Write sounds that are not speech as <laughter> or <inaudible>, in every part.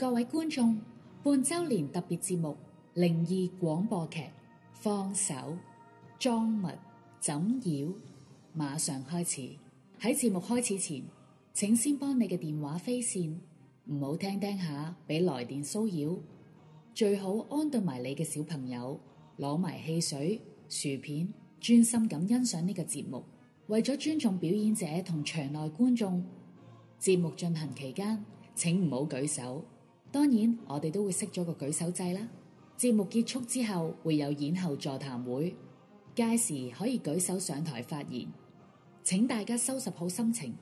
各位觀眾，半周年特別節目《靈異廣播劇》，放手裝物怎擾，馬上開始。喺節目開始前，請先幫你嘅電話飛線，唔好聽聽下俾來電騷擾。最好安頓埋你嘅小朋友，攞埋汽水、薯片，專心咁欣賞呢個節目。為咗尊重表演者同場內觀眾，節目進行期間，請唔好舉手。當然，我哋都會識咗個舉手製啦。節目結束之後會有演後座談會，屆時可以舉手上台發言。請大家收拾好心情，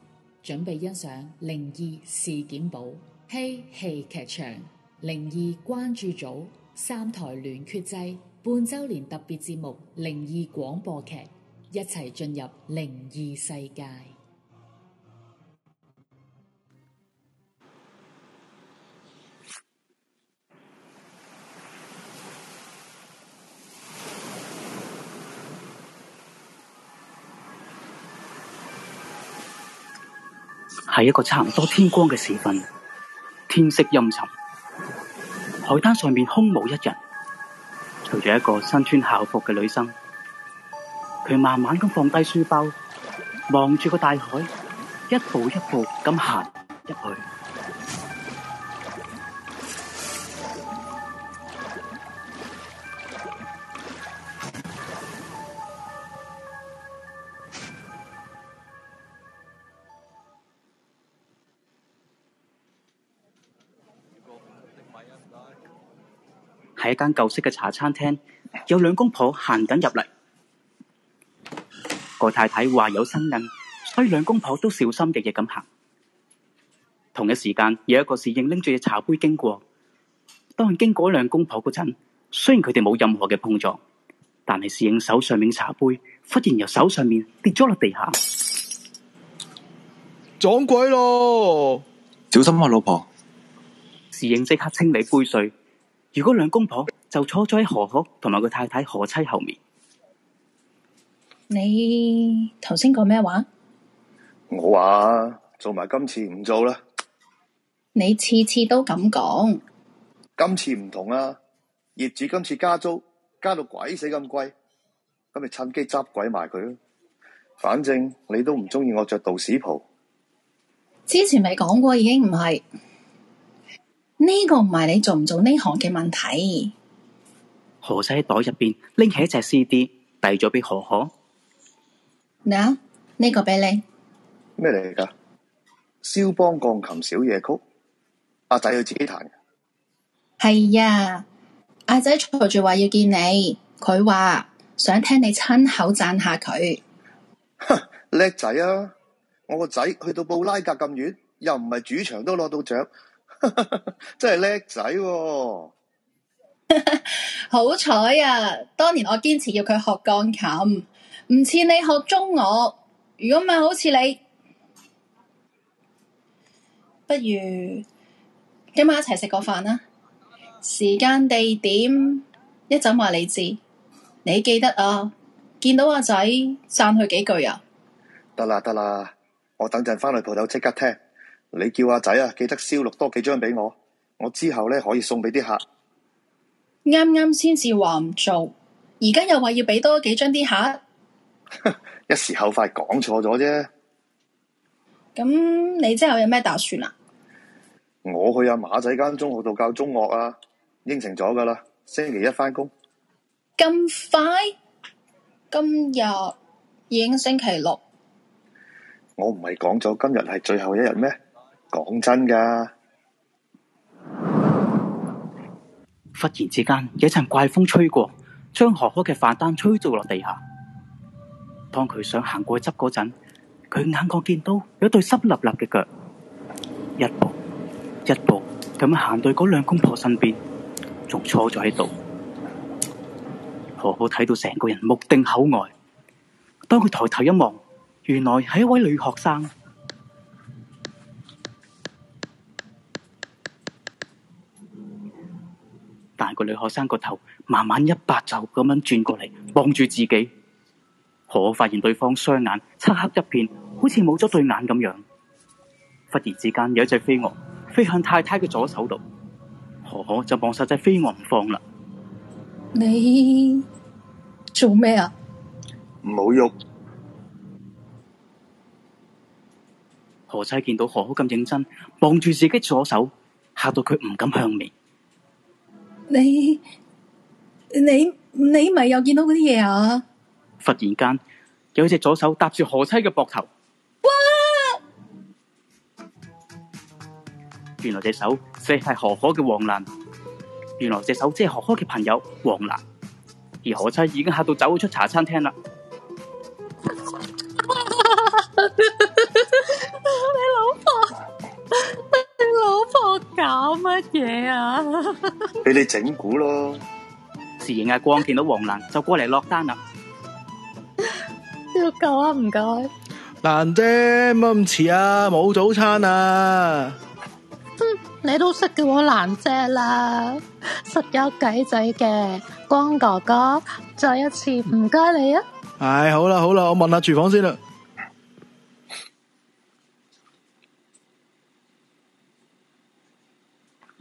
準備欣賞《靈異事件簿》、Hey! 戲劇場、靈異關注組、三台聯袂製半周年特別節目《靈異廣播劇》，一齊進入靈異世界。係一個差唔多天光嘅時分，天色陰沉，海灘上面空無一人，除咗一個身穿校服嘅女生，佢慢慢咁放低書包，望住個大海，一步一步咁行入去。一間舊式嘅茶餐廳，有兩公婆行緊入嚟。個太太話有身紀，所以兩公婆都小心翼翼咁行。同一時間，有一個侍應拎住隻茶杯經過，當人經過兩公婆嗰陣，雖然佢哋冇任何嘅碰撞，但係侍應手上面茶杯忽然由手上面跌咗落地下，撞鬼咯！小心啊，老婆！侍應即刻清理杯水。如果兩公婆就坐咗喺何可同埋佢太太何妻後面，你頭先講咩話？我話做埋今次唔做啦。你次次都咁講，今次唔同啦，啊。業主今次加租加到鬼死咁貴，咁咪趁機執鬼埋佢咯。反正你都唔中意我着道士袍，之前咪講過已經唔係。呢個唔係你做唔做呢行嘅問題。何仔袋入邊拎起一隻 CD，遞咗俾何可。咩啊？呢、呢個俾你咩嚟噶？肖邦鋼琴小夜曲。阿仔去自己彈。係啊，阿仔嘈住話要見你，佢話想聽你親口讚下佢。哼，叻仔啊！我個仔去到布拉格咁遠，又唔係主場都攞到獎。 <laughs> 真係叻仔，好彩 <laughs> 啊！當年我堅持要佢學鋼琴，唔似你學中樂。如果唔係好似你， <laughs> 不如今晚一齊食個飯啦。時間地點一陣話你知，你記得啊！見到阿仔，讚佢幾句啊！得啦得啦，我等陣翻去鋪頭即刻聽。你叫阿仔啊，記得燒錄多幾張俾我，我之後咧可以送俾啲客。啱啱先至話唔做，而家又話要俾多幾張啲客。 <laughs> 一時口快講錯咗啫。咁你之後有咩打算啊？我去阿、啊、馬仔間中學度教中樂啊，應承咗噶啦，星期一翻工。咁快？今日已經星期六。我唔係講咗今日係最後一日咩？講真噶，啊，忽然之間有一陣怪風吹過，將何可嘅飯單吹咗落地下。當佢想行過去執嗰陣，佢眼角見到有對濕立立嘅腳，一步一步咁行到嗰兩公婆身邊，仲坐咗喺度。何可睇到成個人目定口呆。當佢抬頭一望，原來係一位女學生。大個女學生個頭慢慢一百就咁樣轉過嚟，望住自己。何可發現對方雙眼漆黑一片，好似冇咗對眼咁樣。忽然之間，有一隻飛蛾飛向太太嘅左手度，何可就望晒隻飛蛾唔放啦。你做咩啊？唔好喐！何妻見到何可咁認真，望住自己左手，嚇到佢唔敢向面。你你你咪又見到嗰啲嘢啊！忽然間有隻左手搭住何妻嘅膊頭，哇原隻手！原來隻手即係何可嘅王蘭，原來隻手即係何可嘅朋友王蘭，而何妻已經嚇到走出茶餐廳啦。搞乜嘢啊！俾你整蠱咯！侍應阿光見到王蘭就過嚟落單啦。要救啊，唔該。蘭姐，乜咁遲啊？冇早餐啊？哼、嗯，你都識叫我蘭姐啦，實有計仔嘅光哥哥，再一次唔該你啊。唉、哎，好啦，好啦，我問下廚房先啦。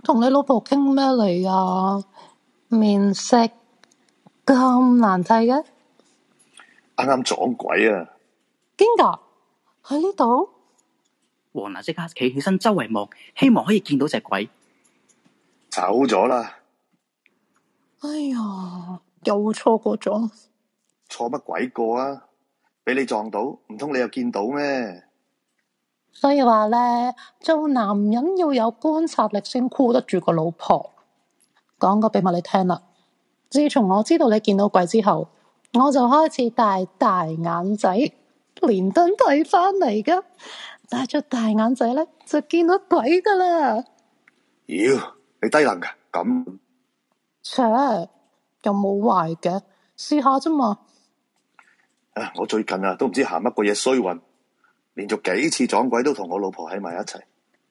同你老婆傾咩嚟啊？面色咁難睇嘅，啱啱撞鬼啊！驚噶？喺呢度？王蘭即刻企起身，周圍望，希望可以見到隻鬼。走咗了啦！哎呀，又錯過咗。錯乜鬼過啊？俾你撞到，唔通你又見到咩？所以話咧，做男人要有觀察力先箍得住個老婆。講個秘密你聽啦。自從我知道你見到鬼之後，我就開始戴大眼仔，連登睇翻嚟噶。戴咗大眼仔咧，就見到鬼噶啦。妖、哎，你低能嘅、啊、咁？切，又冇壞嘅，試下啫嘛。啊，我最近啊，都唔知行乜嘅嘢衰運。連續幾次撞鬼都同我老婆喺埋一齊。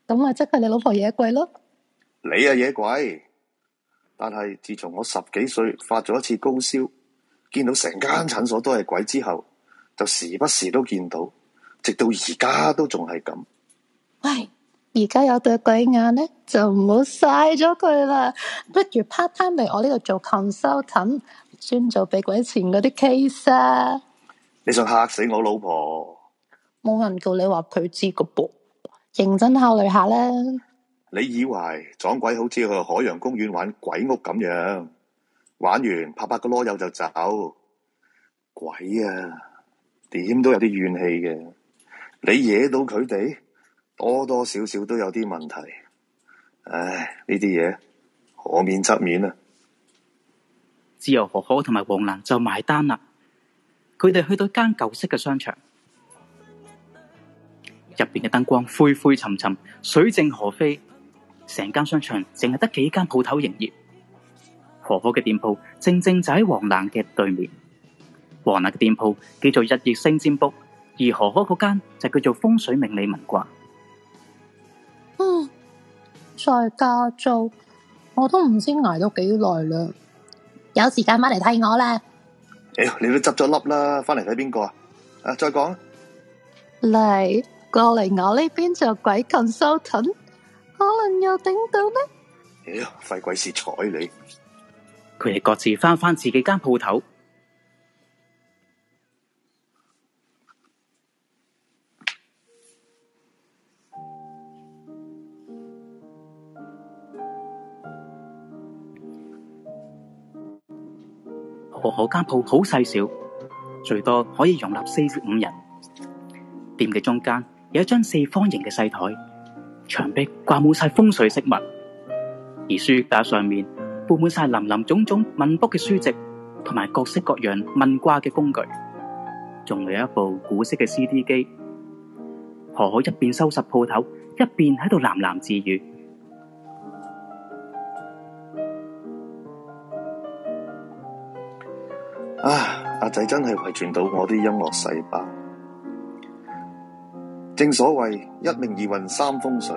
咁咪即係你老婆野鬼咯。你啊野鬼，但係自從我十幾歲發咗一次高燒，見到成間診所都係鬼之後，就時不時都見到，直到而家都仲係咁。喂，而家有對鬼眼咧，就唔好晒咗佢啦。不如 part time 嚟我呢度做 consultant 專做畀鬼前嗰啲 case 啊。你想吓死我老婆？冇人叫你話佢知個噃，認真考慮下啦，啊。你以為撞鬼好似去海洋公園玩鬼屋咁樣，玩完拍拍個囉柚就走？鬼啊！點都有啲怨氣嘅。你惹到佢哋，多多少少都有啲問題。唉，呢啲嘢，可免則免啊。之後何可同埋王蘭就埋單啦。佢哋去到間舊式嘅商場。入邊嘅燈光灰灰沉沉，水靜河飛，成間商場淨係得幾間鋪頭營業。何可嘅店鋪正正就喺王蘭嘅對面，王蘭嘅店鋪叫做日月星占卜，而何可嗰間就叫做風水命理文卦。嗯，再加租，我都唔知挨咗幾耐啦。有時間翻嚟睇我啦。哎，你都執咗粒啦，翻嚟睇邊個啊？啊，再講啦，嚟。過嚟我呢邊做鬼擒收躉，可能又頂到呢？哎呀，費鬼事睬你！佢哋各自翻返自己間鋪頭。我我間鋪好細小，最多可以容納四至五人。店嘅中間。有一張四方形嘅細台，牆壁掛滿晒風水飾物，而書架上面布滿晒林林種種問卜嘅書籍，同埋各式各樣問卦嘅工具，仲有一部古式嘅 CD 機。何可一邊收拾鋪頭，一邊喺度喃喃自語：啊，阿仔真係遺傳到我啲音樂細胞。正所謂一命二運三風水，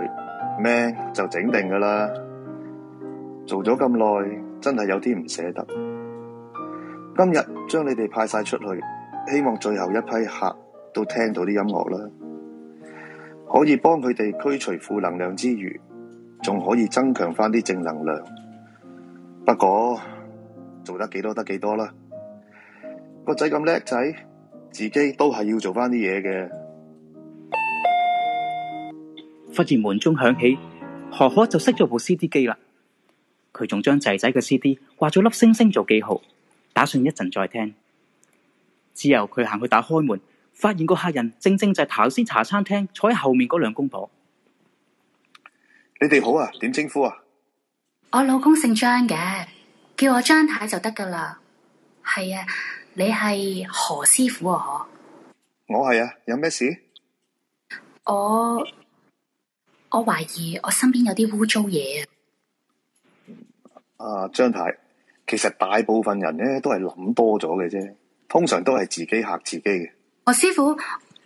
咩就整定噶啦。做咗咁耐，真係有啲唔捨得。今日將你哋派晒出去，希望最後一批客都聽到啲音樂啦，可以幫佢哋驅除負能量之餘，仲可以增強翻啲正能量。不過做得幾多得幾多啦。個仔咁叻仔，自己都係要做翻啲嘢嘅。忽然門鐘響起，何可就熄咗部 C D 機啦。佢仲將仔仔嘅 C D 掛咗粒星星做記號，打算一陣再聽。之後佢行去打開門，發現個客人正正,正就係頭先茶餐廳坐喺後面嗰兩公婆。你哋好啊？點稱呼啊？我老公姓張嘅，叫我張太,太就得噶啦。係啊，你係何師傅啊？我係啊，有咩事？我。我懷疑我身邊有啲污糟嘢啊！啊，張太，其實大部分人咧都係諗多咗嘅啫，通常都係自己吓自己嘅。何師傅，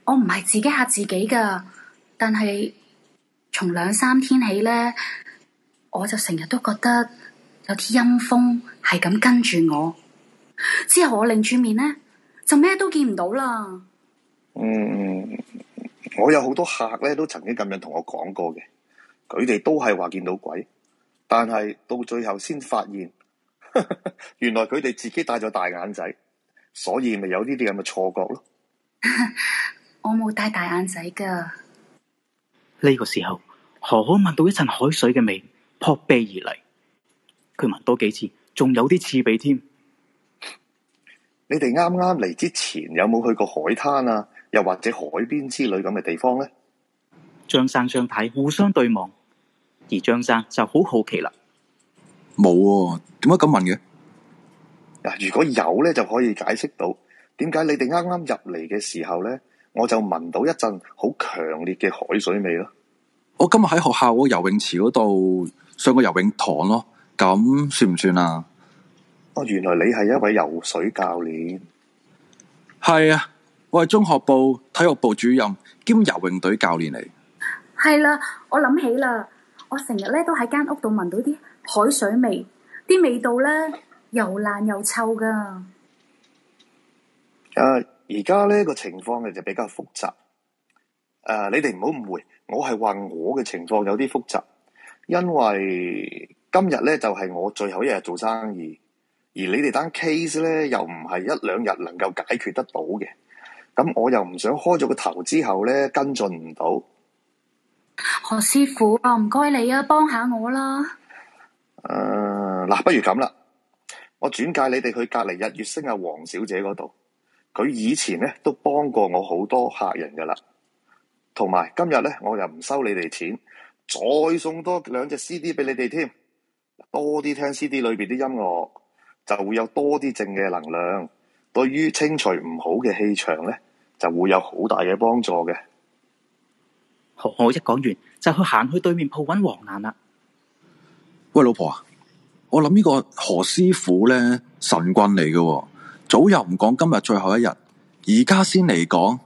我唔係自己吓自己噶，但係從兩三天起咧，我就成日都覺得有啲陰風係咁跟住我，之後我擰住面咧就咩都見唔到啦。嗯。我有好多客咧，都曾經咁樣同我講過嘅，佢哋都係話見到鬼，但係到最後先發現， <laughs> 原來佢哋自己帶咗大眼仔，所以咪有呢啲咁嘅錯覺咯。 <laughs> 我冇戴大眼仔噶。呢個時候，何可聞到一陣海水嘅味撲鼻而嚟。佢聞多幾次，仲有啲刺鼻添。 <laughs> 你哋啱啱嚟之前有冇去過海灘啊？又或者海邊之類咁嘅地方咧？張生張太互相對望，而張生就好好奇啦。冇啊，點解咁問嘅？嗱，如果有咧，就可以解釋到點解你哋啱啱入嚟嘅時候咧，我就聞到一陣好強烈嘅海水味咯。我今日喺學校個游泳池嗰度上過游泳堂咯，咁算唔算啊？哦，原來你係一位游水教練。係啊。我係中學部體育部主任兼游泳隊教練嚟。係啦，我諗起啦，我成日咧都喺間屋度聞到啲海水味，啲味道咧又爛又臭噶。誒，而家咧個情況咧就比較複雜。誒，你哋唔好誤會，我係話我嘅情況有啲複雜，因為今日咧就係我最後一日做生意，而你哋單 case 咧又唔係一兩日能夠解決得到嘅。咁我又唔想開咗個頭之後咧跟進唔到，何師傅啊，唔該你啊，幫下我啦。誒，嗱，不如咁啦，我轉介你哋去隔籬日月星啊，王小姐嗰度，佢以前咧都幫過我好多客人噶啦，同埋今日咧，我又唔收你哋錢，再送多兩隻 CD 俾你哋添，多啲聽 CD 裏邊啲音樂，就會有多啲正嘅能量。對於清除唔好嘅氣場咧，就會有好大嘅幫助嘅。我一講完就去行去對面鋪揾王蘭啦。喂，老婆啊，我諗呢個何師傅咧神棍嚟嘅。哦，早又唔講，今日最後一日，而家先嚟講，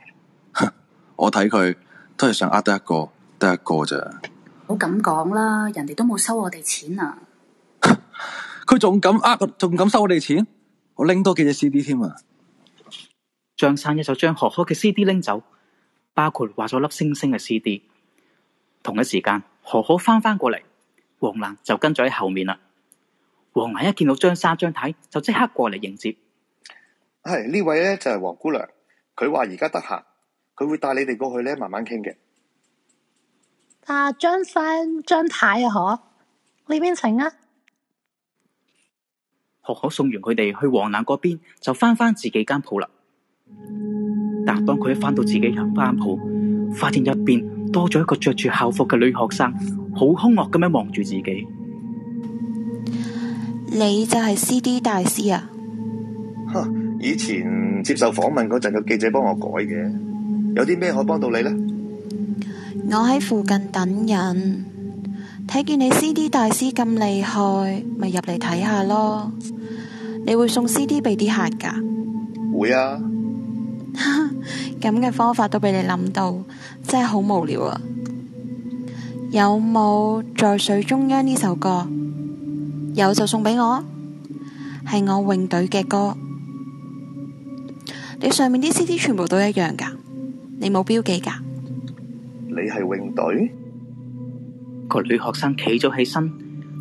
我睇佢都係想呃得一個，得一個咋。唔好咁講啦，人哋都冇收我哋錢啊！佢仲敢呃，仲敢收我哋錢？我拎多幾隻 CD 添啊！張生一就將何可嘅 CD 拎走，包括畫咗粒星星嘅 CD。同一時間，何可翻翻過嚟，王蘭，就跟咗喺後面啦。王蘭一見到張生張太，太，就即刻過嚟迎接。係呢位咧就係、是、王姑娘，佢話而家得閒，佢會帶你哋過去咧慢慢傾嘅。啊，張生張太啊，可呢邊請啊！何可送完佢哋去王蘭嗰邊，就翻翻自己間鋪啦。但當佢一翻到自己間鋪發現入邊多咗一個着住校服嘅女學生，好兇惡咁樣望住自己。你就係 C D 大師啊？哈！以前接受訪問嗰陣，個記者幫我改嘅。有啲咩可以幫到你呢？我喺附近等人。睇見你 CD 大師咁厲害，咪入嚟睇下咯。你會送 CD 俾啲客噶？會啊。咁嘅 <laughs> 方法都俾你諗到，真係好無聊啊！有冇在水中央呢首歌？有就送俾我，係我泳隊嘅歌。你上面啲 CD 全部都一樣噶，你冇標記噶？你係泳隊？個女學生企咗起身，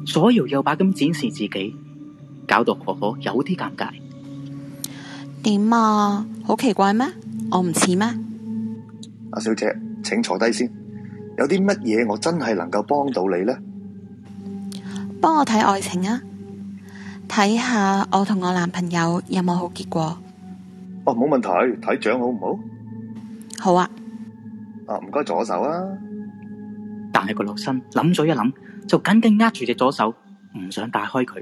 左搖右擺咁展示自己，搞到婆婆有啲尷尬。點啊？好奇怪咩？我唔似咩？阿小姐，請坐低先。有啲乜嘢我真係能夠幫到你呢？幫我睇愛情啊！睇下我同我男朋友有冇好結果。哦、啊，冇問題，睇掌好唔好？好啊。啊，唔該左手啊。但係個落身諗咗一諗，就緊緊握住隻左手，唔想打開佢。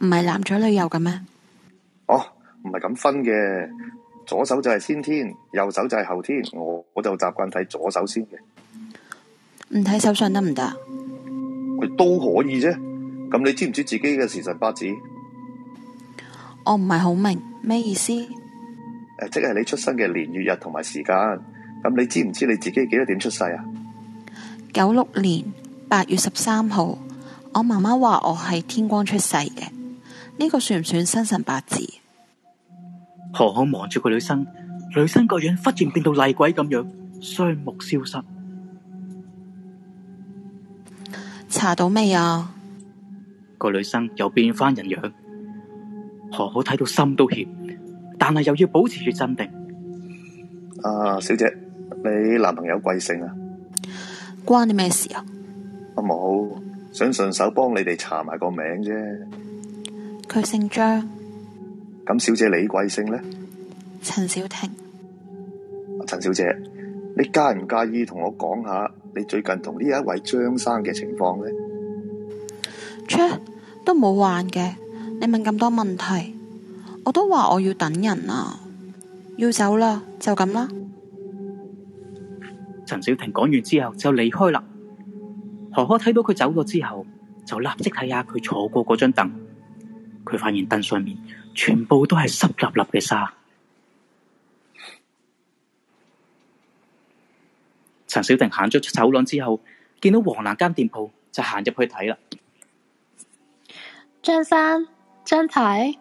唔係男左女右嘅咩？哦，唔係咁分嘅，左手就係先天，右手就係後天。我我就習慣睇左手先嘅。唔睇手相得唔得？佢都可以啫。咁你知唔知自己嘅時辰八字？我唔係好明咩意思？誒，即係你出生嘅年月日同埋時間。咁你知唔知你自己幾多點出世啊？九六年八月十三號，我媽媽話我係天光出世嘅。呢、這個算唔算生辰八字？何可望住個女生，女生個樣忽然變到厲鬼咁樣，雙目消失。查到未啊？個女生又變翻人樣，何可睇到心都怯，但係又要保持住鎮定。啊，小姐，你男朋友貴姓啊？關你咩事啊？阿冇、啊、想順手幫你哋查埋個名啫。佢姓張。咁小姐李貴姓呢？陳小婷。陳小姐，你介唔介意同我講下你最近同呢一位張生嘅情況呢？唓，都冇換嘅，你問咁多問題，我都話我要等人啊。要走啦，就咁啦。陳小婷講完之後就離開啦。何可睇到佢走咗之後，就立即睇下佢坐過嗰張凳。佢發現凳上面全部都係濕粒粒嘅沙。陳小婷行咗出走廊之後，見到王蘭間店鋪，就行入去睇啦。張生，張太，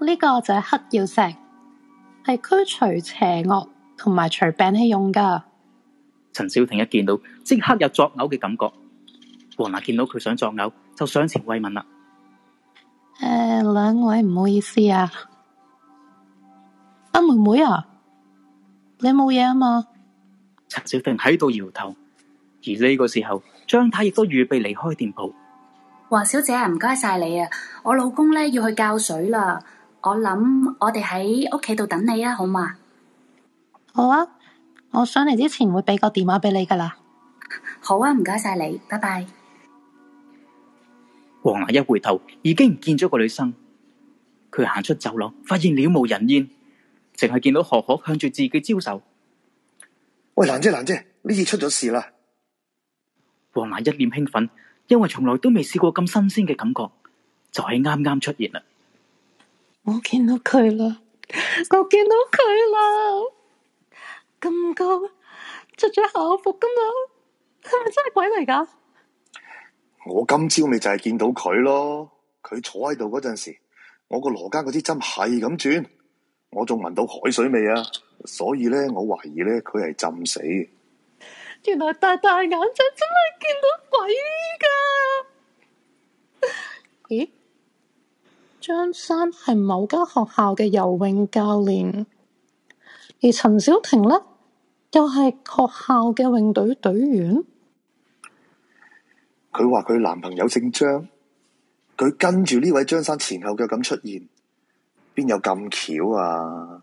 呢個就係黑曜石，係驅除邪惡同埋除病氣用噶。陳小婷一見到即刻有作嘔嘅感覺，王蘭見到佢想作嘔，就上前慰問啦。誒、呃，兩位唔好意思啊，阿、啊、妹妹啊，你冇嘢啊嘛？陳小婷喺度搖頭，而呢個時候張太亦都預備離開店鋪。王小姐唔該晒你啊，我老公咧，要去教水啦，我諗我哋喺屋企度等你啊，好嘛？好啊。我上嚟之前會俾個電話俾你噶啦，好啊，唔該晒你，拜拜。王蘭一回頭，已經唔見咗個女生，佢行出走廊，發現了無人煙，淨係見到何可向住自己招手。喂，蘭姐，蘭姐，呢次出咗事啦！王蘭一臉興奮，因為從來都未試過咁新鮮嘅感覺，就係啱啱出現啦。我見到佢啦，我見到佢啦。咁高着咗校服噶嘛，係咪真係鬼嚟噶？我今朝咪就係見到佢咯，佢坐喺度嗰陣時，我個羅間嗰支針係咁轉，我仲聞到海水味啊，所以咧我懷疑咧佢係浸死。原來大大眼仔真係見到鬼噶？ <laughs> 咦？張生係某間學校嘅游泳教練，而陳小婷咧。又係學校嘅泳隊隊員。佢話佢男朋友姓張，佢跟住呢位張生前後腳咁出現，邊有咁巧啊？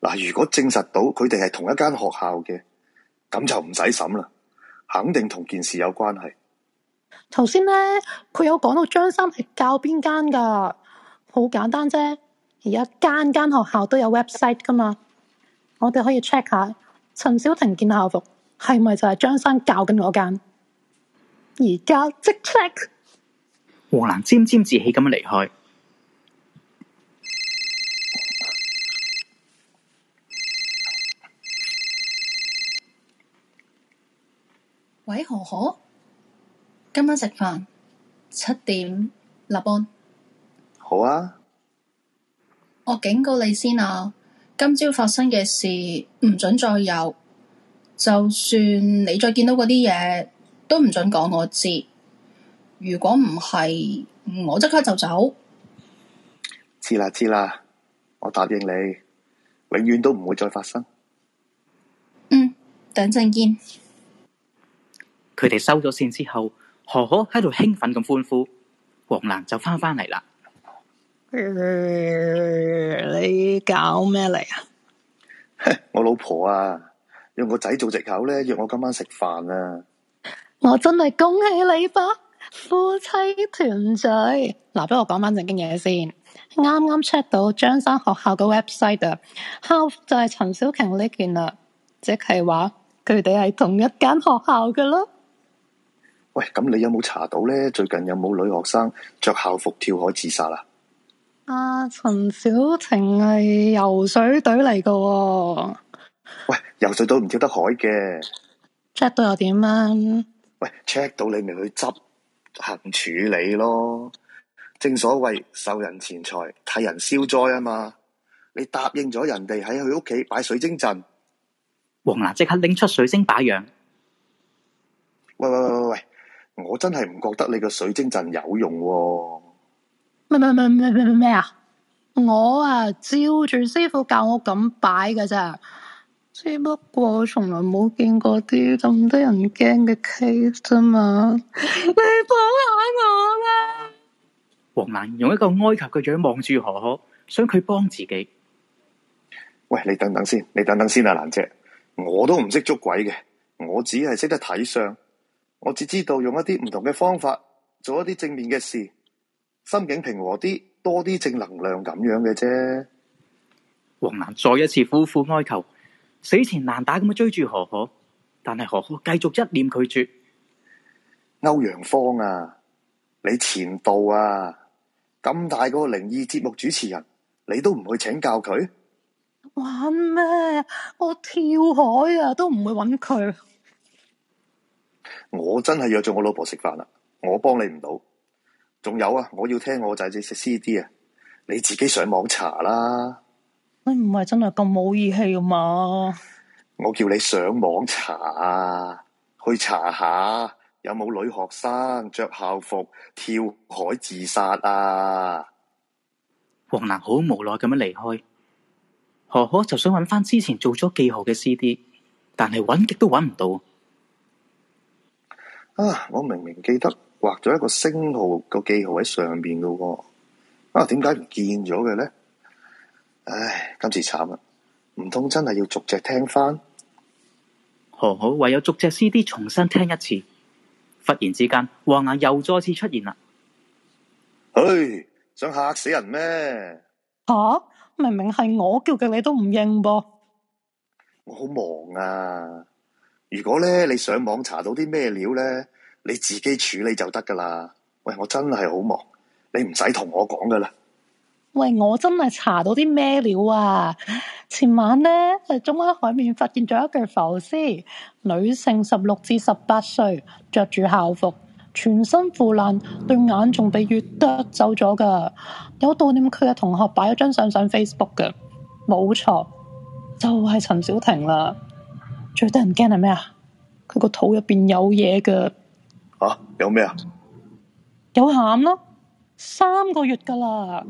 嗱，如果證實到佢哋係同一間學校嘅，咁就唔使審啦。肯定同件事有關係。頭先咧，佢有講到張生係教邊間噶？好簡單啫，而家間間學校都有 website 噶嘛，我哋可以 check 下。陳小婷件校服係咪就係張生教緊我間？而家即 check。王蘭沾沾自喜咁樣離開。喂，何可？今晚食飯七點落班。好啊。我警告你先啊！今朝發生嘅事唔准再有，就算你再見到嗰啲嘢，都唔准講我知。如果唔係，我即刻就走。知啦知啦，我答應你，永遠都唔會再發生。嗯，等陣見。佢哋收咗線之後，何可喺度興奮咁歡呼，王蘭就翻返嚟啦。嗯、你搞咩嚟啊？我老婆啊，用個仔做借口咧，約我今晚食飯啊，我真係恭喜你吧，把夫妻團聚。嗱、啊，俾我講翻正經嘢先。啱啱 check 到張生學校嘅 website 啊，校服就係陳小瓊呢件啦，即係話佢哋係同一間學校嘅咯。喂，咁你有冇查到咧？最近有冇女學生着校服跳海自殺啊？阿陳、啊、小晴係游水隊嚟噶。喂，游水隊唔跳得海嘅，check 到又點啊？喂，check 到你咪去執行處理咯。正所謂受人錢財替人消災啊嘛，你答應咗人哋喺佢屋企擺水晶陣。王蘭即刻拎出水晶擺樣。喂喂喂喂喂，我真係唔覺得你個水晶陣有用喎。咩咩咩咩咩咩啊！我啊照住師傅教我咁擺嘅咋，只不過從來冇見過啲咁多人驚嘅 case 啫嘛。你幫下我啦，啊！黃蘭用一個哀求嘅樣望住何可，想佢幫自己。喂，你等等先，你等等先啊，蘭姐，我都唔識捉鬼嘅，我只係識得睇相，我只知道用一啲唔同嘅方法做一啲正面嘅事。心境平和啲，多啲正能量咁樣嘅啫。王蘭再一次苦苦哀求，死纏難打咁樣追住何可，但係何可繼續一臉拒絕。歐陽芳啊，你前度啊，咁大個靈異節目主持人，你都唔去請教佢？玩咩？我跳海啊，都唔會揾佢。我真係約咗我老婆食飯啦，我幫你唔到。仲有啊！我要聽我仔仔隻 C D 啊！你自己上網查啦！你唔係真係咁冇義氣啊嘛？我叫你上網查啊，去查下有冇女學生着校服跳海自殺啊！王蘭好無奈咁樣離開，何可就想揾翻之前做咗記號嘅 C D，但係揾極都揾唔到啊！我明明記得。畫咗一個星號個記號喺上邊嗰個，啊，點解唔見咗嘅咧？唉，今次慘啦，唔通真係要逐隻聽翻？何，好，唯有逐隻 CD 重新聽一次。忽然之間，黃眼又再次出現啦。唉，想嚇死人咩？吓、啊，明明係我叫嘅，你都唔應噃。我好忙啊！如果咧，你上網查到啲咩料咧？你自己處理就得噶啦。喂，我真係好忙，你唔使同我講噶啦。喂，我真係查到啲咩料啊！前晚呢，喺中灣海面發現咗一具浮屍，女性十六至十八歲，着住校服，全身腐爛，對眼仲被月啄走咗噶。有悼念區嘅同學擺咗張相上 Facebook 嘅，冇錯，就係、是、陳小婷啦。最得人驚係咩啊？佢個肚入邊有嘢嘅。吓，有咩啊？有餡咯，三個月噶啦。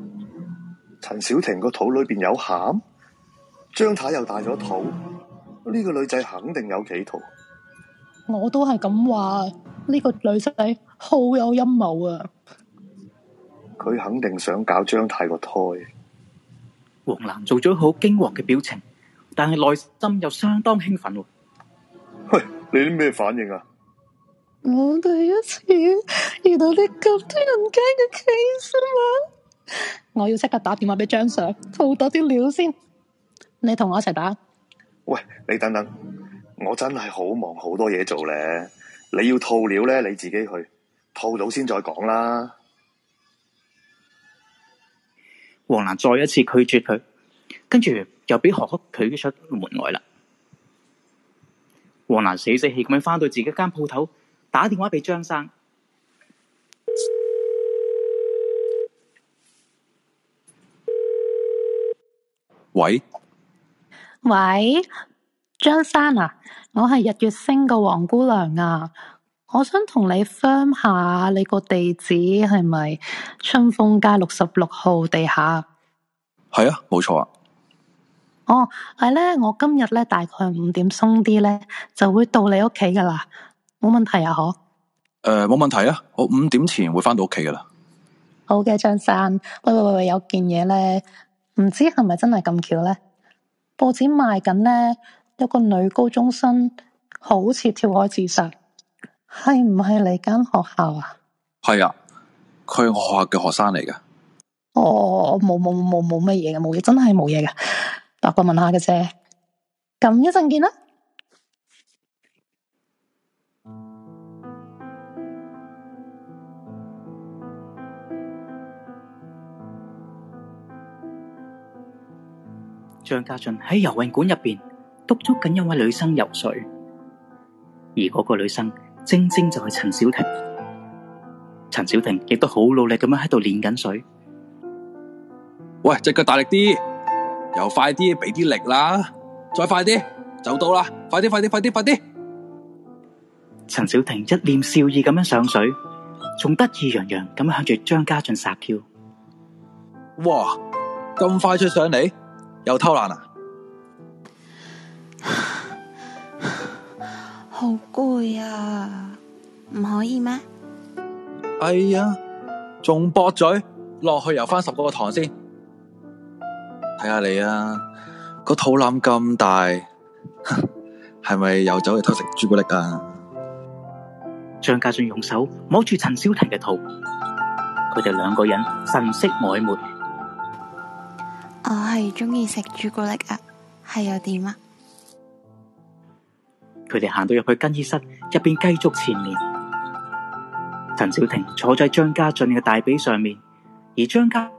陳小婷個肚裏邊有餡，張太又大咗肚，呢個女仔肯定有企圖。我都係咁話，呢個女仔好有陰謀啊！佢肯定想搞張太個胎。王蘭做咗好驚惶嘅表情，但係內心又相當興奮。喂，你啲咩反應啊？我第一次遇到啲咁天人驚嘅 case 啊！我要即刻打電話俾張 Sir，套多啲料先。你同我一齊打。喂，你等等，我真係好忙，好多嘢做咧。你要套料咧，你自己去套到先再講啦。王蘭再一次拒絕佢，跟住又俾何可拒出門外啦。王蘭死死氣咁樣翻到自己間鋪頭。打電話俾張生。喂，喂，張生啊，我係日月星個黃姑娘啊，我想同你 confirm 下你個地址係咪春風街六十六號地下？係啊，冇錯啊。哦，係咧，我今日咧大概五點鬆啲咧，就會到你屋企噶啦。冇問題啊，嗬、呃，誒，冇問題啊，我五點前會翻到屋企噶啦。好嘅，張生。喂喂喂，有件嘢咧，唔知係咪真係咁巧咧？報紙賣緊咧，有個女高中生好似跳海自殺，係唔係嚟間學校啊？係啊，佢係我學校嘅學生嚟嘅。哦，冇冇冇冇乜嘢嘅，冇嘢，真係冇嘢嘅。八卦問下嘅啫。咁一陣見啦。張家俊喺游泳館入邊督促緊一位女生游水，而嗰個女生正正就係陳小婷。陳小婷亦都好努力咁樣喺度練緊水。喂，隻腳大力啲，又快啲，俾啲力啦，再快啲，就到啦！快啲，快啲，快啲，快啲！陳小婷一臉笑意咁樣上水，仲得意洋洋咁樣向住張家俊撒嬌。哇，咁快就上嚟！又偷懶啊！好攰啊，唔可以咩？哎呀，仲駁嘴，落去游翻十個個塘先。睇下你啊，個肚腩咁大，係咪又走去偷食朱古力啊？張家俊用手摸住陳小婷嘅肚，佢哋兩個人神色曖昧。我係中意食朱古力啊，係又點啊？佢哋行到入去更衣室，入邊繼續纏綿。陳小婷坐在張家俊嘅大髀上面，而張家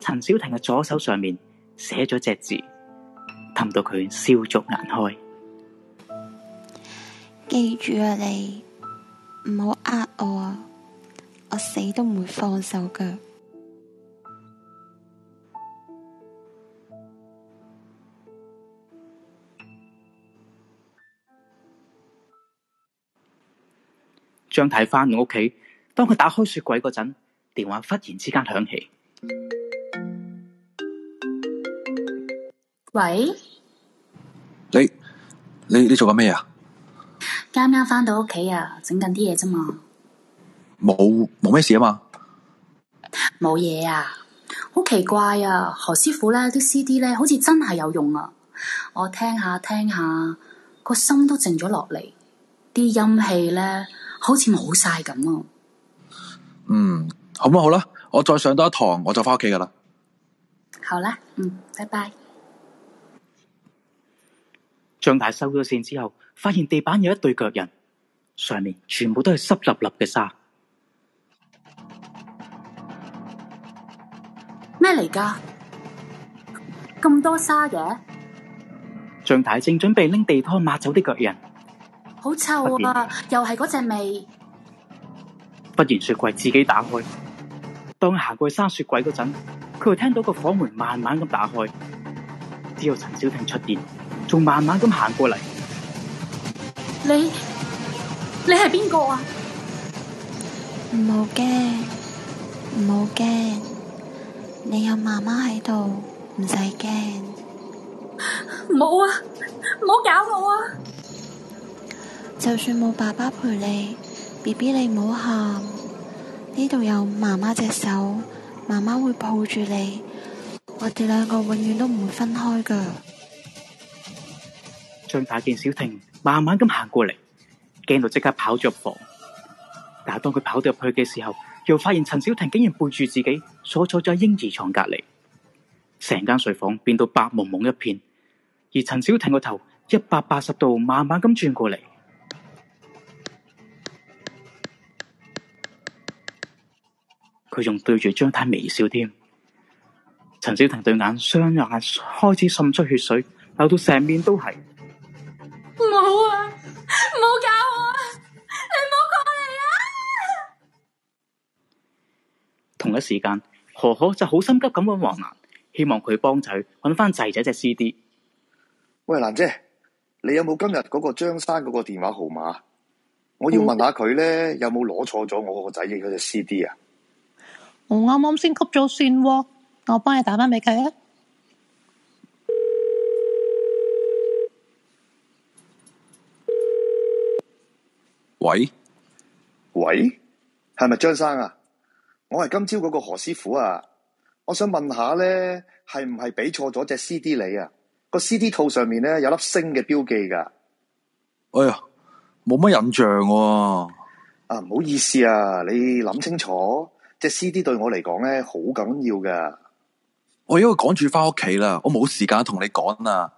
陳小婷嘅左手上面寫咗隻字，氹到佢笑逐顏開。記住啊你，你唔好呃我啊，我死都唔會放手㗎。張太翻到屋企，當佢打開雪櫃嗰陣，電話忽然之間響起。喂？你你你做緊咩啊？啱啱翻到屋企啊，整緊啲嘢啫嘛。冇冇咩事啊嘛？冇嘢啊，好奇怪啊！何師傅咧啲 CD 咧，好似真係有用啊！我聽下聽下，個心都靜咗落嚟，啲陰氣咧。好似冇晒咁啊。嗯，好啊，好啦，我再上多一堂，我就翻屋企噶啦。好啦，嗯，拜拜。張太收咗線之後，發現地板有一對腳印，上面全部都係濕立立嘅沙。咩嚟噶？咁多沙嘅？張太正準備拎地拖抹走啲腳印。好臭啊！啊，又係嗰隻味。忽然雪櫃自己打開，當行過去閂雪櫃嗰陣，佢就聽到個房門慢慢咁打開，只有陳小婷出現，仲慢慢咁行過嚟。你，你係邊個啊？唔好驚，唔好驚，你有媽媽喺度，唔使驚。唔好 <laughs> 啊！唔好搞我啊！就算冇爸爸陪你，B B，你唔好喊，呢度有媽媽隻手，媽媽會抱住你，我哋兩個永遠都唔會分開噶。張太見小婷慢慢咁行過嚟，驚到即刻跑咗入房。但當佢跑咗入去嘅時候，又發現陳小婷竟然背住自己，坐咗喺嬰兒床隔離，成間睡房變到白蒙蒙一片，而陳小婷個頭一百八十度慢慢咁轉過嚟。佢仲對住張太微笑添，陳小婷對眼雙眼開始滲出血水，流到成面都係。冇啊！冇搞我啊！你唔好過嚟啊！同一時間，何可就好心急咁搵王蘭，希望佢幫仔搵翻仔仔隻 C D。喂，蘭姐，你有冇今日嗰個張生嗰個電話號碼？嗯、我要問下佢咧，有冇攞錯咗我個仔嘅嗰隻 C D 啊？我啱啱先吸 u t 咗線，我幫你打翻俾佢啊！喂喂，係咪張生啊？我係今朝嗰個何師傅啊！我想問下咧，係唔係俾錯咗隻 C D 你啊？個 C D 套上面咧有粒星嘅標記噶。哎呀，冇乜印象啊！唔、啊、好意思啊，你諗清楚。隻 C D 對我嚟講咧好緊要嘅，我因為趕住翻屋企啦，我冇時間同你講啊！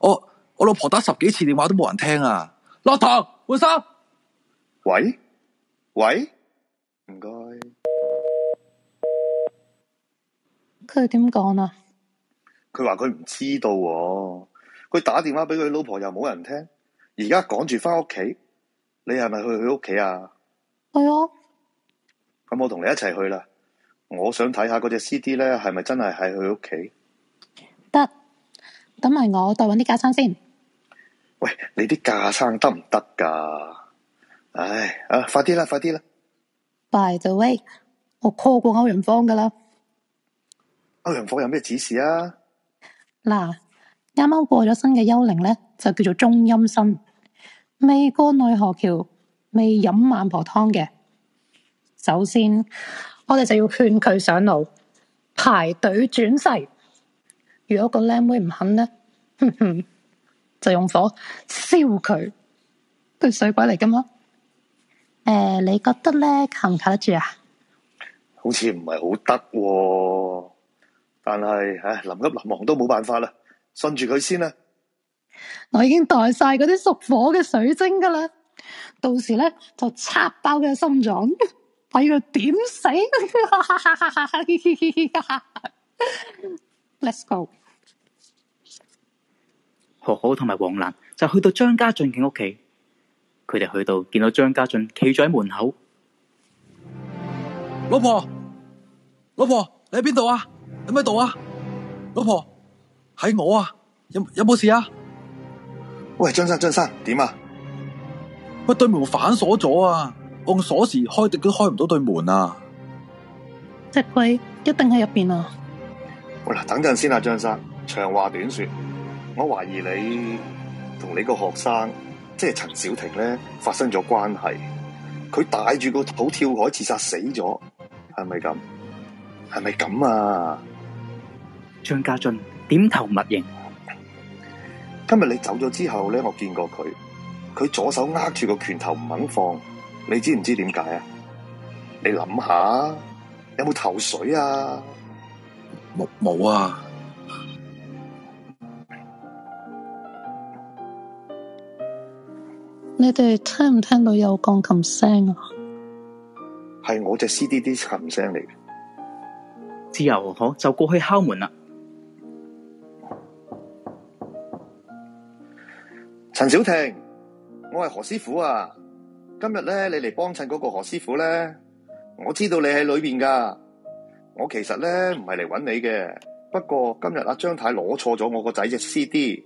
我我老婆打十幾次電話都冇人聽啊！落堂，換衫。喂喂，唔該。佢點講啊？佢話佢唔知道，佢打電話俾佢老婆又冇人聽，而家趕住翻屋企，你係咪去佢屋企啊？係啊。咁我同你一齊去啦！我想睇下嗰隻 CD 咧，係咪真係喺佢屋企？得，等埋我，再揾啲架生先。喂，你啲架生得唔得噶？唉，啊，快啲啦，快啲啦！By the way，我 call 過過歐陽芳噶啦。歐陽芳有咩指示啊？嗱，啱啱過咗新嘅幽靈咧，就叫做中陰身，未過奈何橋，未飲孟婆湯嘅。首先，我哋就要勸佢上路排隊轉世。如果個僆妹唔肯咧， <laughs> 就用火燒佢，都係水鬼嚟噶嘛？誒、呃，你覺得咧靠唔靠得住啊？好似唔係好得，但係唉，臨急臨忙都冇辦法啦，順住佢先啦，啊。我已經帶晒嗰啲屬火嘅水晶噶啦，到時咧就拆爆佢嘅心臟。 <laughs> 哎要點死 <laughs> ？Let's go。何可同埋王蘭就去到張家俊嘅屋企，佢哋去到見到張家俊企咗喺門口。老婆，老婆你喺邊度啊？喺唔喺度啊？老婆，喺我啊！有有冇事啊？喂，張生張生點啊？喂，對門反鎖咗啊！按鎖匙開都開唔到對門啊！隻鬼一定喺入邊啊！好啦，等陣先啊，張生。長話短說，我懷疑你同你個學生，即係陳小婷咧，發生咗關係。佢帶住個肚跳海自殺死咗，係咪咁？係咪咁啊？張家俊點頭默認。今日你走咗之後咧，我見過佢，佢左手握住個拳頭唔肯放。你知唔知點解啊？你諗下有冇頭緒啊？冇冇啊！你哋聽唔聽到有鋼琴聲啊？係我隻 CD 啲琴聲嚟嘅。自由何可就過去敲門啦。陳小婷，我係何師傅啊！今日咧，你嚟幫襯嗰個何師傅咧，我知道你喺裏邊噶。我其實咧唔係嚟揾你嘅，不過今日阿張太攞錯咗我個仔隻 C D，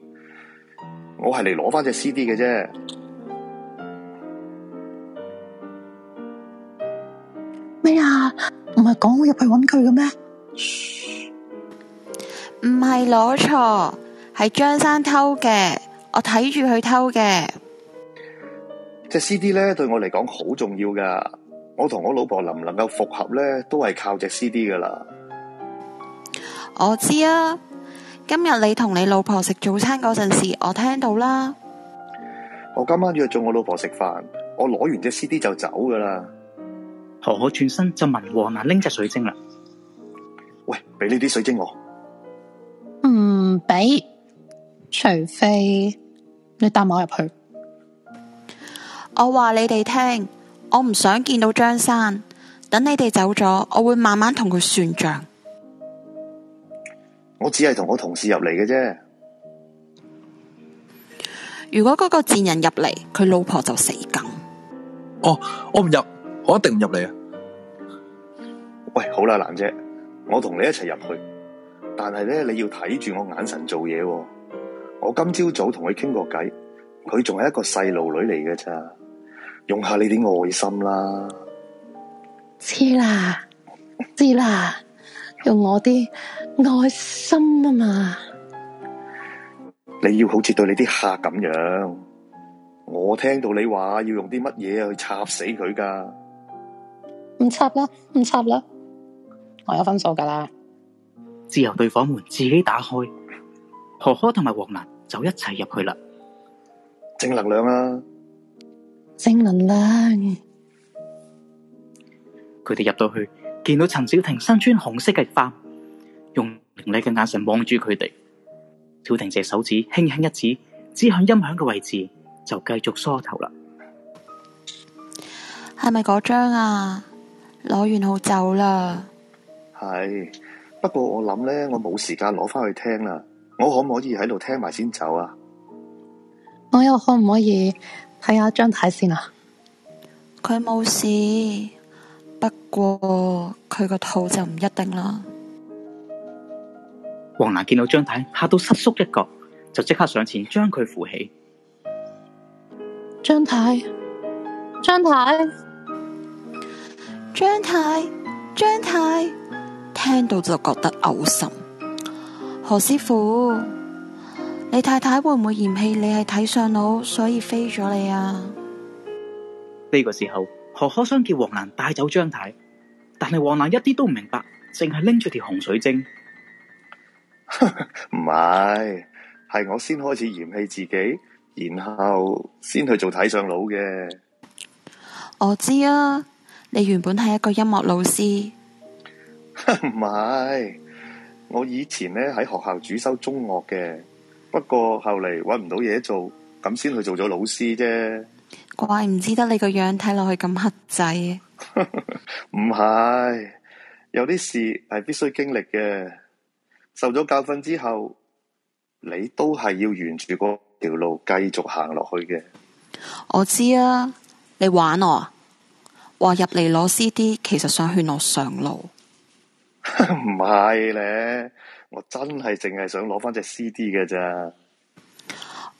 我係嚟攞翻隻 C D 嘅啫。咩啊？唔係講我入去揾佢嘅咩？噓。唔係攞錯，係張生偷嘅，我睇住佢偷嘅。隻 CD 咧，對我嚟講好重要噶，我同我老婆能唔能夠復合咧都係靠隻 CD 噶啦。我知啊，今日你同你老婆食早餐嗰陣時，我聽到啦。我今晚約咗我老婆食飯，我攞完隻 CD 就走噶啦。何可轉身就問王蘭拎隻水晶啦？喂，俾呢啲水晶我？唔俾，除非你帶我入去。我話你哋聽，我唔想見到張生。等你哋走咗，我會慢慢同佢算賬。我只係同我同事入嚟嘅啫。如果嗰個賤人入嚟，佢老婆就死梗。哦，我唔入，我一定唔入嚟啊！喂，好啦，蘭姐，我同你一齊入去，但係咧你要睇住我眼神做嘢。哦。我今朝早同佢傾過偈，佢仲係一個細路女嚟嘅咋。用下你啲愛心啦，知啦，知啦，用我啲愛心啊嘛！你要好似對你啲客咁樣，我聽到你話要用啲乜嘢去插死佢噶？唔插啦，唔插啦，我有分數噶啦。自由對房門自己打開，何可同埋王蘭就一齊入去啦。正能量啊！正能量。佢哋入到去，見到陳小婷身穿紅色嘅花，用凌厲嘅眼神望住佢哋。小婷隻手指輕輕一指，指向音響嘅位置，就繼續梳頭啦。係咪嗰張啊？攞完好走啦。係，不過我諗咧，我冇時間攞返去聽啦。我可唔可以喺度聽埋先走啊？我又可唔可以？睇下張太先啊，佢冇事，不過佢個肚就唔一定啦。王蘭見到張太嚇到失縮一角，就即刻上前將佢扶起。張太，張太，張太，張太，聽到就覺得嘔心。何師傅。你太太會唔會嫌棄你係睇相佬，所以飛咗你啊？呢個時候，何可想叫王蘭帶走張太太，但係王蘭一啲都唔明白，淨係拎住條紅水晶。唔係， <laughs> 係我先開始嫌棄自己，然後先去做睇相佬嘅。我知啊，你原本係一個音樂老師。唔係， <laughs> 我以前咧喺學校主修中樂嘅。不過後嚟揾唔到嘢做，咁先去做咗老師啫。怪唔知得你個樣睇落去咁黑仔。唔係， <laughs> 有啲事係必須經歷嘅。受咗教訓之後，你都係要沿住嗰條路繼續行落去嘅。我知啊，你玩我啊，話入嚟攞 CD，其實想勸我上路。唔係咧。我真係淨係想攞翻隻 CD 嘅咋。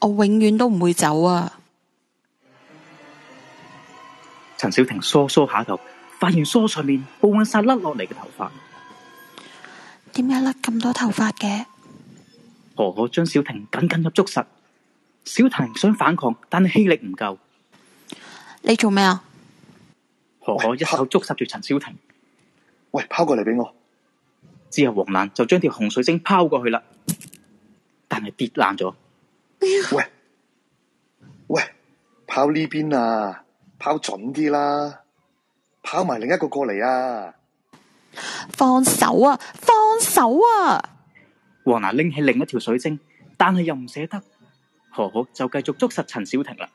我永遠都唔會走啊！陳小婷梳，梳梳下頭，發現梳上面布滿晒甩落嚟嘅頭髮，點解甩咁多頭髮嘅？何可將小婷緊緊咁捉實，小婷想反抗，但係氣力唔夠。你做咩啊？何可一下就捉實住陳小婷，喂，跑過嚟俾我。之後，王蘭就將條紅水晶拋過去啦，但係跌爛咗，哎呀。喂喂，拋呢邊啊，拋準啲啦，拋埋另一個過嚟啊！放手啊，放手啊！王蘭拎起另一條水晶，但係又唔捨得，何可就繼續捉實陳小婷啦。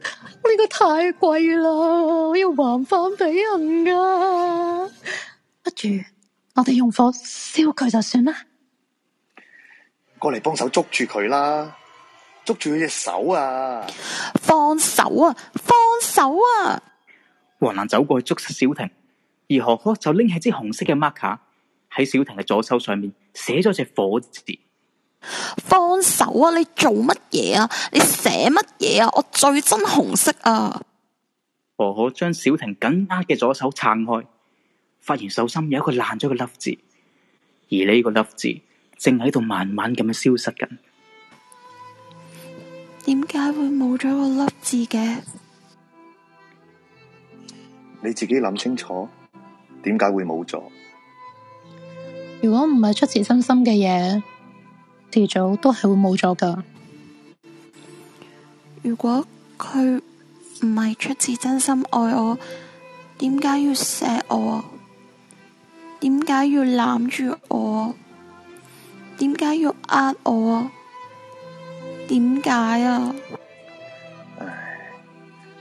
呢個太貴啦，我要還翻俾人噶。不如。我哋用火燒佢就算啦。過嚟幫手捉住佢啦，捉住佢隻手啊！放手啊！放手啊！王蘭走過去捉實小婷，而何可就拎起支紅色嘅 marker 喺小婷嘅左手上面寫咗隻火字。放手啊！你做乜嘢啊？你寫乜嘢啊？我最憎紅色啊！何可將小婷緊握嘅左手撐開。發現手心有一個爛咗嘅粒字，而呢個粒字正喺度慢慢咁樣消失緊。點解會冇咗個粒字嘅？你自己諗清楚，點解會冇咗？如果唔係出自真心嘅嘢，遲早都係會冇咗噶。如果佢唔係出自真心愛我，點解要錫我啊？點解要攬住我？點解要呃我？點解啊？唉，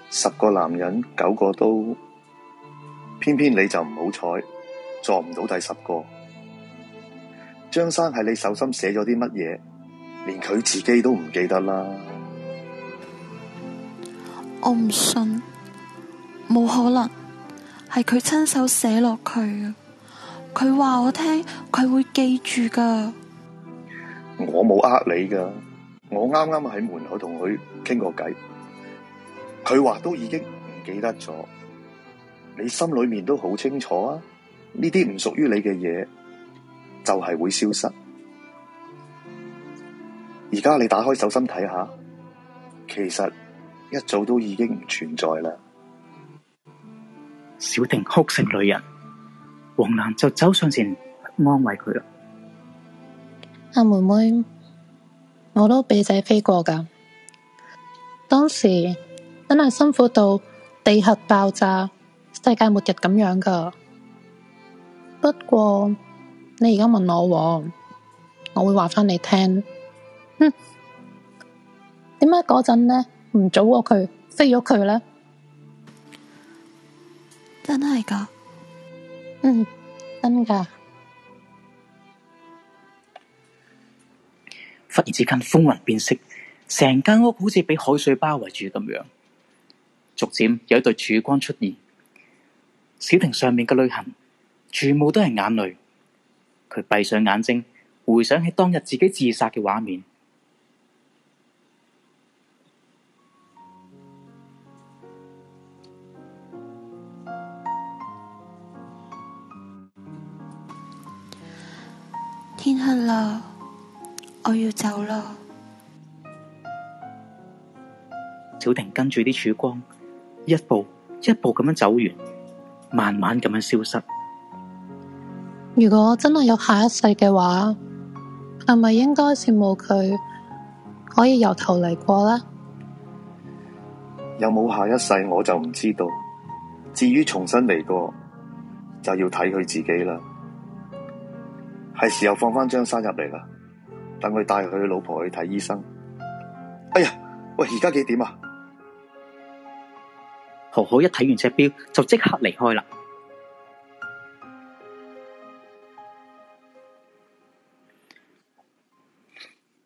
十個男人九個都，偏偏你就唔好彩，撞唔到第十個。張生喺你手心寫咗啲乜嘢，連佢自己都唔記得啦。我唔信，冇可能，係佢親手寫落去嘅！佢話我聽，佢會記住噶。我冇呃你噶，我啱啱喺門口同佢傾過偈，佢話都已經唔記得咗。你心裏面都好清楚啊，呢啲唔屬於你嘅嘢，就係會消失。而家你打開手心睇下，其實一早都已經唔存在啦。小婷哭成女人。王蘭就走上前安慰佢啦。阿、啊、妹妹，我都畀仔飛過噶。當時真係辛苦到地核爆炸、世界末日咁樣噶。不過你而家問我，我會話翻你聽。哼，點解嗰陣呢唔早咗佢飛咗佢呢？真係噶。嗯，真噶！忽然之間風雲變色，成間屋好似被海水包圍住咁樣。逐漸有一對曙光出現，小婷上面嘅淚痕全部都係眼淚。佢閉上眼睛，回想起當日自己自殺嘅畫面。天黑啦，我要走啦。小婷跟住啲曙光，一步一步咁樣走完，慢慢咁樣消失。如果真係有下一世嘅話，係咪應該羨慕佢可以由頭嚟過呢？有冇下一世我就唔知道。至於重新嚟過，就要睇佢自己啦。係時候放翻張衫入嚟啦，等佢帶佢老婆去睇醫生。哎呀，喂，而家幾點啊？豪豪一睇完隻表，就即刻離開啦。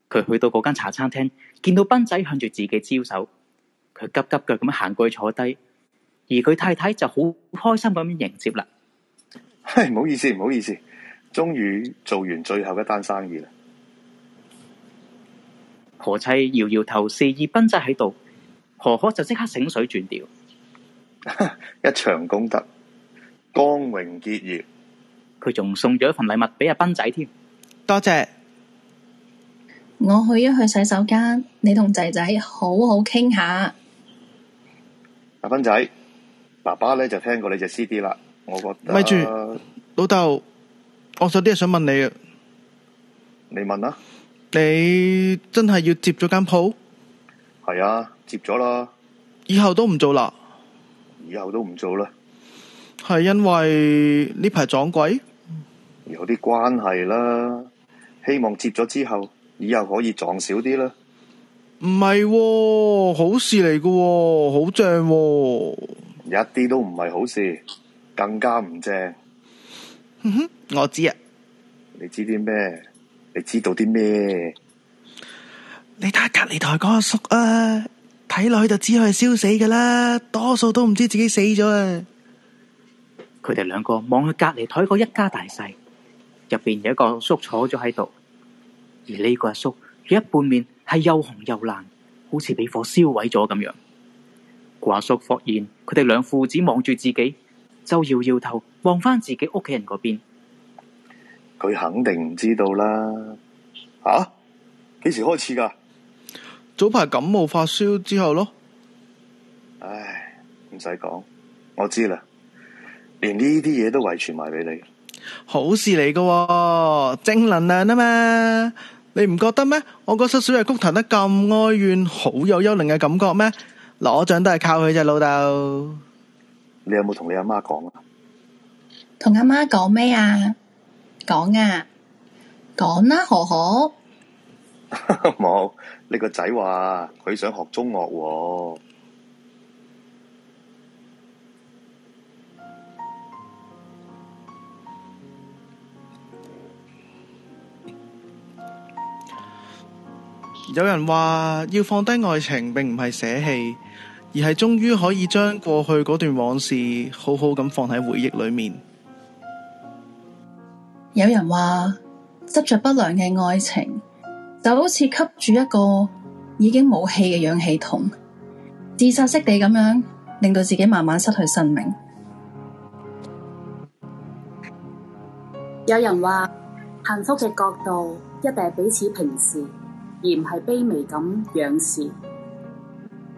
佢 <noise> 去到嗰間茶餐廳，見到斌仔向住自己招手，佢急急腳咁行過去坐低，而佢太太就好開心咁迎接啦。係，唔 <noise> 好意思，唔好意思。終於做完最後一單生意啦！何妻搖搖頭，示意斌仔喺度，何可就即刻醒水轉調。 <laughs> 一場功德，光榮結業。佢仲送咗一份禮物俾阿斌仔添，多謝。我去一去洗手間，你同仔仔好好傾下。阿斌仔，爸爸咧就聽過你隻 CD 啦，我覺咪住，老豆。我有啲嘢想問你。你問啊，你問啦。你真係要接咗間鋪？係啊，接咗啦，以後都唔做啦，以後都唔做啦，係因為呢排撞鬼，有啲關係啦，希望接咗之後以後可以撞少啲啦。唔係、喎，好事嚟嘅、喎，好正、喎，一啲都唔係好事，更加唔正。嗯、我知啊！你知啲咩？你知道啲咩？你睇下隔籬台嗰個阿叔啊，睇落去就知佢係燒死噶啦，多數都唔知自己死咗啊！佢哋兩個望向隔籬台嗰一家大細，入邊有一個阿叔坐咗喺度，而呢個阿叔有一半面係又紅又爛，好似俾火燒毀咗咁樣。個阿叔發現佢哋兩父子望住自己。就搖搖頭，望返自己屋企人嗰邊。佢肯定唔知道啦。吓、啊？幾時開始噶？早排感冒發燒之後咯。唉，唔使講，我知啦。連呢啲嘢都遺傳埋俾你。好事嚟噶、哦，正能量啊嘛！你唔覺得咩？我嗰首小提琴彈得咁哀怨，好有幽靈嘅感覺咩？攞獎都係靠佢啫，老豆。你有冇同你阿媽講啊？同阿媽講咩啊？講啊，講啦，可可。冇，你個仔話佢想學中樂，哦 <music> 。有人話要放低愛情並，並唔係捨棄。而係終於可以將過去嗰段往事好好咁放喺回憶裏面。有人話執着不良嘅愛情，就好似吸住一個已經冇氣嘅氧氣筒，自殺式地咁樣令到自己慢慢失去生命。有人話幸福嘅角度一定係彼此平視，而唔係卑微咁仰視。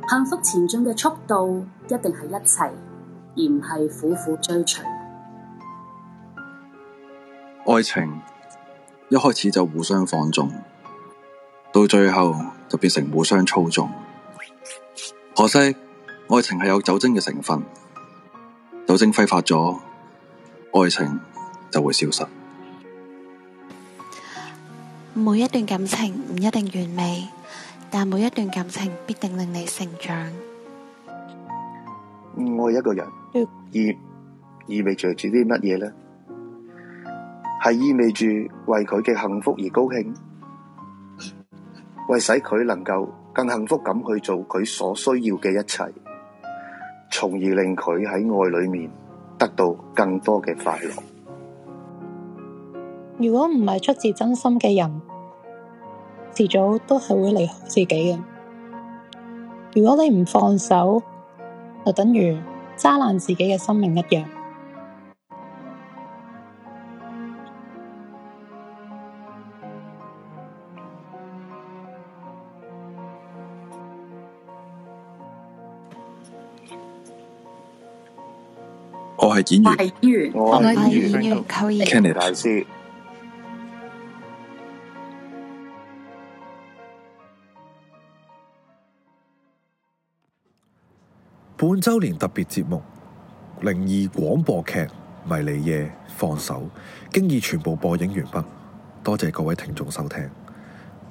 幸福前進嘅速度一定係一切，而唔係苦苦追隨。愛情一開始就互相放縱，到最後就變成互相操縱。可惜，愛情係有酒精嘅成分，酒精揮發咗，愛情就會消失。每一段感情唔一定完美。但每一段感情必定令你成長。愛一個人，意意味著住啲乜嘢咧？係意味住為佢嘅幸福而高興，為使佢能夠更幸福咁去做佢所需要嘅一切，從而令佢喺愛裏面得到更多嘅快樂。如果唔係出自真心嘅人，遲早都係會離開自己嘅。如果你唔放手，就等於揸爛自己嘅生命一樣。我係演員，我係演員，我係演員半周年特別節目《靈異廣播劇迷離夜》放手，經已全部播映完畢，多謝各位聽眾收聽。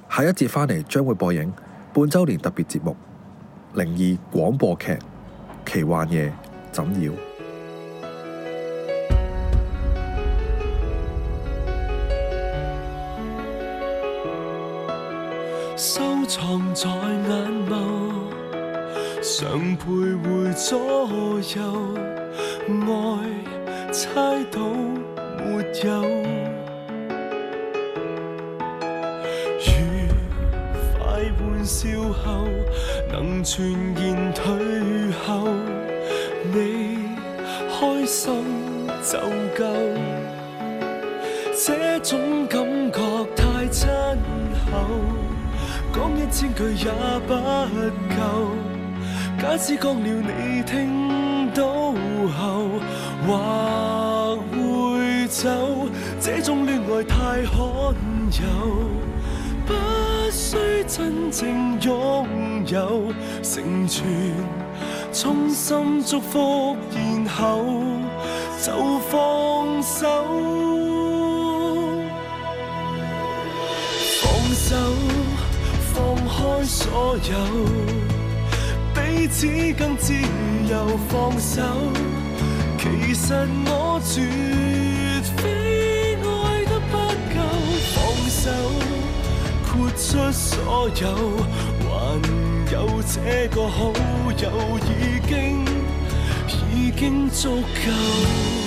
下一節翻嚟將會播映半周年特別節目《靈異廣播劇奇幻夜》枕妖收藏在眼眸，左右愛猜到沒有？愉快玩笑後能全然退後，你開心就夠。這種感覺太親厚，講一千句也不夠。假使講了你聽到後或會走，這種戀愛太罕有，不須真正擁有，成全，衷心祝福，然後就放手，放手，放開所有。彼此更自由放手，其實我絕非愛得不夠放手，豁出所有，還有這個好友，已經已經足夠。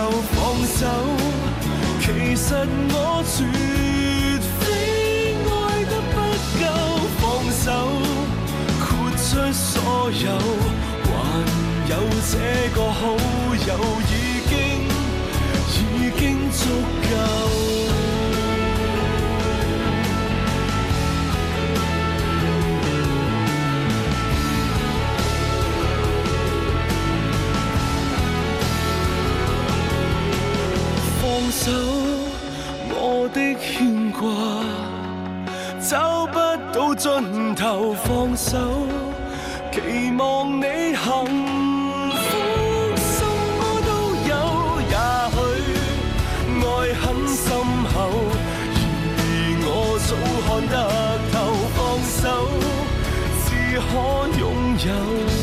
放手，其實我絕非愛得不夠，放手，豁出所有，還有這個好友已經已經足夠。牽掛，找不到盡頭，放手，期望你幸福，什麼都有，也許愛很深厚，然而我早看得透，放手，只可擁有。